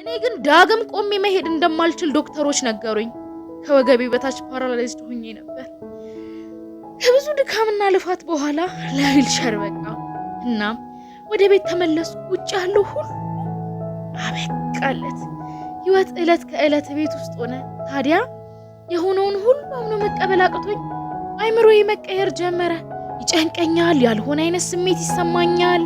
እኔ ግን ዳግም ቆሜ መሄድ እንደማልችል ዶክተሮች ነገሩኝ። ከወገቤ በታች ፓራላይዝድ ሆኜ ነበር። ከብዙ ድካምና ልፋት በኋላ ለዊልቸር በቃ። እና ወደ ቤት ተመለሱ። ውጭ ያለው ሁሉ አበቃለት። ህይወት ዕለት ከዕለት ቤት ውስጥ ሆነ። ታዲያ የሆነውን ሁሉ አምኖ መቀበል አቅቶኝ አይምሮ መቀየር ጀመረ። ይጨንቀኛል፣ ያልሆነ አይነት ስሜት ይሰማኛል።